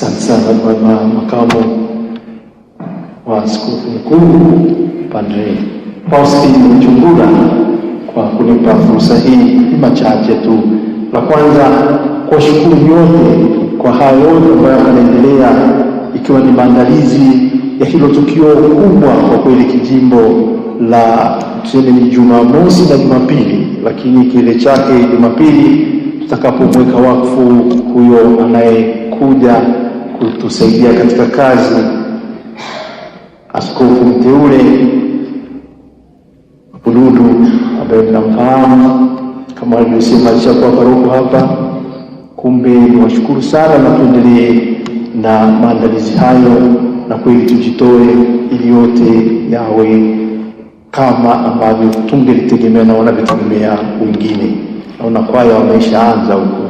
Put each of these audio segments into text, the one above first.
Asante sana kwa makamu wa askofu mkuu Padre Faustin Mchungura kwa kunipa fursa hii. Ni machache tu. La kwanza kuwashukuru nyote kwa hayo yote ambayo yanaendelea, ikiwa ni maandalizi ya hilo tukio kubwa kwa kweli kijimbo la tuseme ni Jumamosi na Jumapili, lakini kile chake Jumapili tutakapomweka wakfu huyo anayekuja kutusaidia katika kazi, askofu mteule Buludu ambaye mnamfahamu kama alivyosema alishakuwa paroko hapa. Kumbe niwashukuru sana, na tuendelee na maandalizi hayo, na kweli tujitoe ili yote yawe kama ambavyo tungelitegemea na wanavyotegemea wengine. Naona kwaya wameishaanza huko,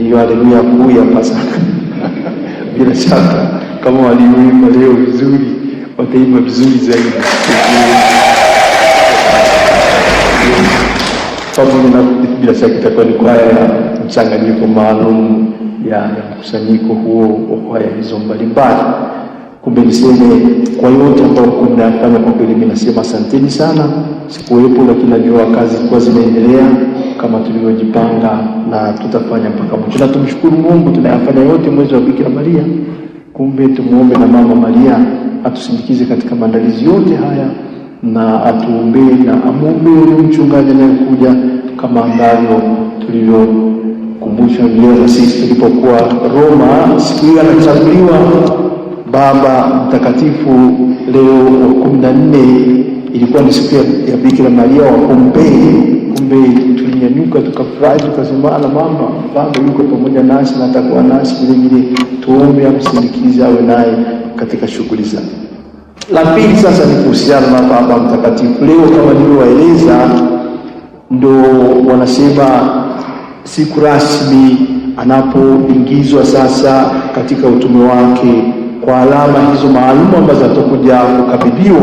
hiyo haleluya kuu ya Pasaka bila shaka kama walioimba leo vizuri wataimba vizuri zaidi. Bila shaka itakuwa ni kwaya ya mchanganyiko maalum ya mkusanyiko huo wa kwaya hizo mbalimbali. Kumbe niseme kwa yote ambao mnayafanya, kwa kweli mimi nasema asanteni sana. Sikuwepo, lakini najua kazi kwa zinaendelea kama tulivyojipanga na tutafanya mpaka mwisho. Na tumshukuru Mungu tunayafanya yote mwezi wa Bikira Maria. Kumbe tumuombe na Mama Maria atusindikize katika maandalizi yote haya na atuombee na amwombee ule mchungaji anayekuja kama ambavyo tulivyokumbushwa leo na sisi tulipokuwa Roma siku hiyo anachaguliwa Baba Mtakatifu Leo wa kumi na nne ilikuwa ni siku ya Bikira Maria wa Pompei. Kumbe tulinyanyuka tukafurahi, tukasema ala, mama bado yuko pamoja nasi na atakuwa nasi vile vile, tuombe amsindikize, awe naye katika shughuli zake. La pili sasa ni kuhusiana na Baba Mtakatifu. Leo kama nilivyowaeleza, ndo wanasema siku rasmi anapoingizwa sasa katika utume wake kwa alama hizo maalum ambazo atakuja kukabidhiwa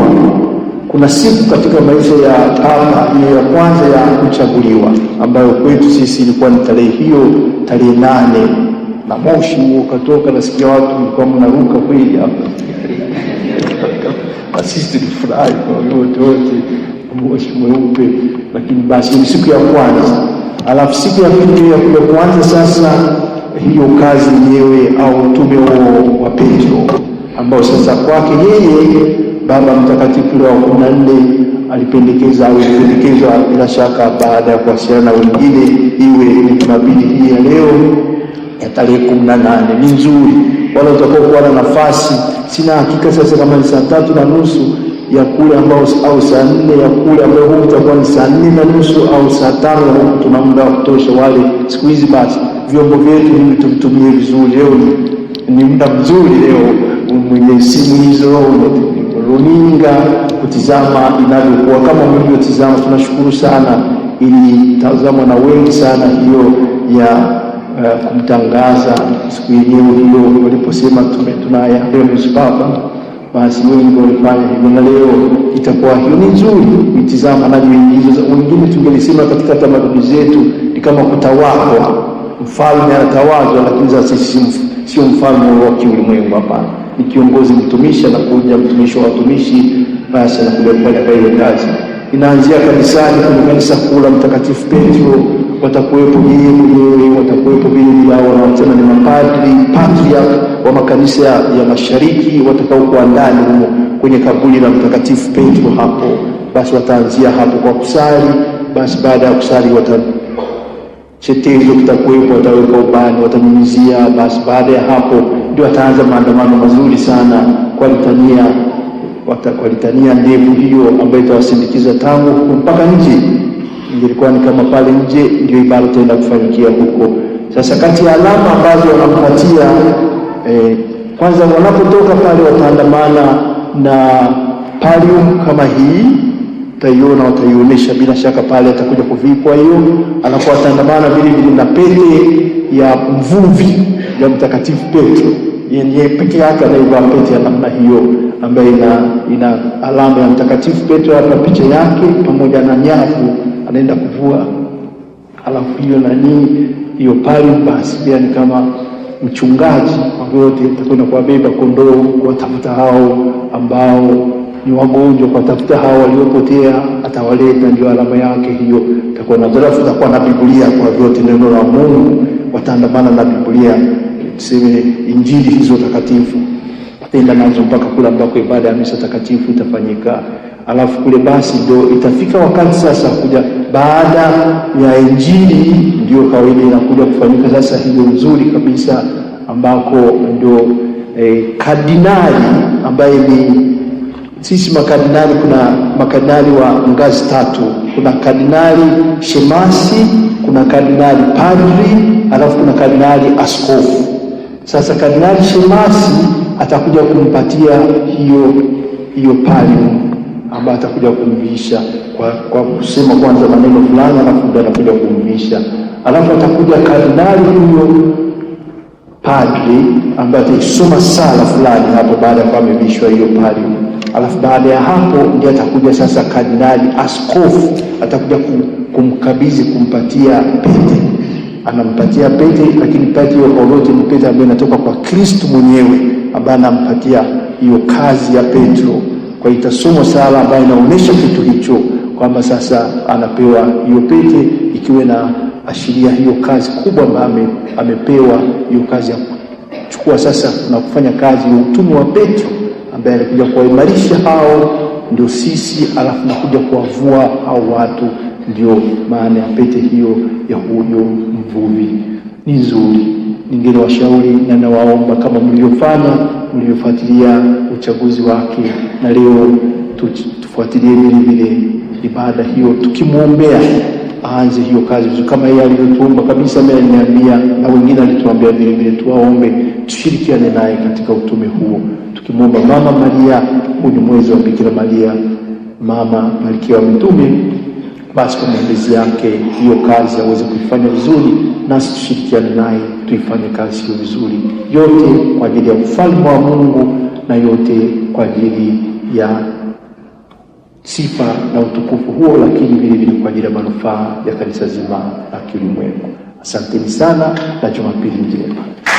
kuna siku katika maisha ya ama ya kwanza ya kuchaguliwa ambayo kwetu sisi ilikuwa ni tarehe hiyo, tarehe nane na moshi huo ukatoka, nasikia watu mlikuwa mnaruka kweli hapa na sisi tulifurahi kwa wote wote, moshi mweupe. Lakini basi ni siku ya kwanza, alafu siku ya pili ya kwanza sasa hiyo kazi yenyewe au tume wa Petro ambao sasa kwake yeye Baba Mtakatifu Leo wa kumi na nne alipendekeza au ilipendekezwa bila shaka, baada ya kuwasiliana na wengine, iwe ni Jumapili hii ya leo ya tarehe kumi na nane ni nzuri, wala utakaokuwa na nafasi. Sina hakika sasa kama ni saa tatu na nusu ya kule ambao au saa nne ya kule ambao huko itakuwa ni saa nne na nusu au saa tano na tuna muda wa kutosha. Wale siku hizi basi vyombo vyetu hivi tuvitumie vizuri. Leo ni muda mzuri, leo mwenye simu hizo runinga kutizama inavyokuwa kama mlivyotizama. Tunashukuru sana, tazama na wengi sana hiyo ya uh, kumtangaza siku yenyewe hiyo waliposema tunaya hapa, basi wengi walifanya hivyo, na leo itakuwa hiyo ni nzuri kuitizama nayo Wengine tungelisema katika tamaduni zetu ni kama kutawazwa, mfalme anatawazwa, lakini sasa sisi sio mfalme wa kiulimwengu, hapana ni kiongozi mtumishi, anakuja mtumishi wa watumishi, basi anakuja kufanya kaile kazi. Inaanzia kanisani, kuna kanisa kuu la Mtakatifu Petro, watakuwepo nyinyi mwenyewe, watakuwepo vile ao wanaosema ni mapadri patriarch wa makanisa ya ya mashariki watakaokuwa ndani humo kwenye kaburi la Mtakatifu Petro hapo. Basi wataanzia hapo kwa kusali, basi baada ya kusali wata chetezo kitakuwepo, wataweka ubani, watanyunyizia. Basi baada ya hapo ndio wataanza maandamano mazuri sana litania watakwalitania ndevu hiyo ambayo itawasindikiza tangu huku mpaka nje. Ilikuwa ni kama pale nje, ndio ibada itaenda kufanyikia huko. Sasa kati ya alama ambazo wanampatia eh, kwanza wanapotoka pale wataandamana na palium kama hii utaiona utaionyesha bila shaka pale atakuja kuvikwa hiyo, anakuwa atandamana vile vile na pete ya mvuvi ya Mtakatifu Petro, yeye peke yake anaivaa pete ya namna hiyo ambayo ina, ina alama ya Mtakatifu Petro hapa picha yake pamoja na nyavu anaenda kuvua, alafu hiyo nanii hiyo pale basi pia ni kama mchungaji, kwa vyote atakwenda kuwabeba kondoo kuwatafuta hao ambao ni wagonjwa, kwa tafuta hawa waliopotea, atawaleta. Ndio alama yake hiyo. Takuwa na barafu, takuwa na Biblia kwa vyote, neno la Mungu, wataandamana na Biblia, tuseme injili hizo takatifu, ataenda nazo mpaka kule ambako ibada ya misa takatifu itafanyika. Alafu kule basi ndio itafika wakati sasa kuja baada ya injili, ndio kawaida inakuja kufanyika sasa hiyo nzuri kabisa, ambako ndio eh, kardinali ambaye ni sisi makardinali, kuna makardinali wa ngazi tatu, kuna kardinali shemasi, kuna kardinali padri, alafu kuna kardinali askofu. Sasa kardinali shemasi atakuja kumpatia hiyo hiyo palio ambayo atakuja kumvisha kwa, kwa kusema kwanza maneno fulani, alafu ndio atakuja kumvisha, alafu atakuja kardinali huyo padri ambaye ataisoma sala fulani hapo baada ya kuwa amevishwa hiyo pali alafu baada ya hapo ndio atakuja sasa kardinali askofu atakuja kumkabidhi kumpatia pete. Anampatia pete, lakini pete hiyo oloti ni pete ambayo inatoka kwa Kristo mwenyewe ambaye anampatia hiyo kazi ya Petro. Kwa hiyo itasomwa sala ambayo inaonyesha kitu hicho kwamba sasa anapewa hiyo pete ikiwa na ashiria hiyo kazi kubwa ambayo amepewa hiyo kazi ya kuchukua sasa na kufanya kazi ya utumi wa Petro ambaye alikuja kuwaimarisha hao ndio sisi, alafu nakuja kuwavua hao watu. Ndio maana ya pete hiyo ya huyo mvuvi, ni nzuri. washauri na nawaomba kama mlivyofanya, mlivyofuatilia uchaguzi wake, na leo tufuatilie vile vile ibada hiyo, tukimwombea aanze hiyo kazi vizuri, kama yeye alivyotuomba kabisa. Mimi aliniambia na wengine alituambia vile vile, tuwaombe tushirikiane naye katika utume huo tukimwomba Mama Maria, huu ni mwezi wa Bikira Maria, mama malkia wa mitume, basi kwa maombezi yake hiyo kazi aweze kuifanya vizuri, nasi tushirikiane naye tuifanye kazi hiyo vizuri, yote kwa ajili ya ufalme wa Mungu na yote kwa ajili ya sifa na utukufu huo, lakini vile vile kwa ajili ya manufaa ya kanisa zima la kiulimwengu. Asanteni sana na Jumapili njema.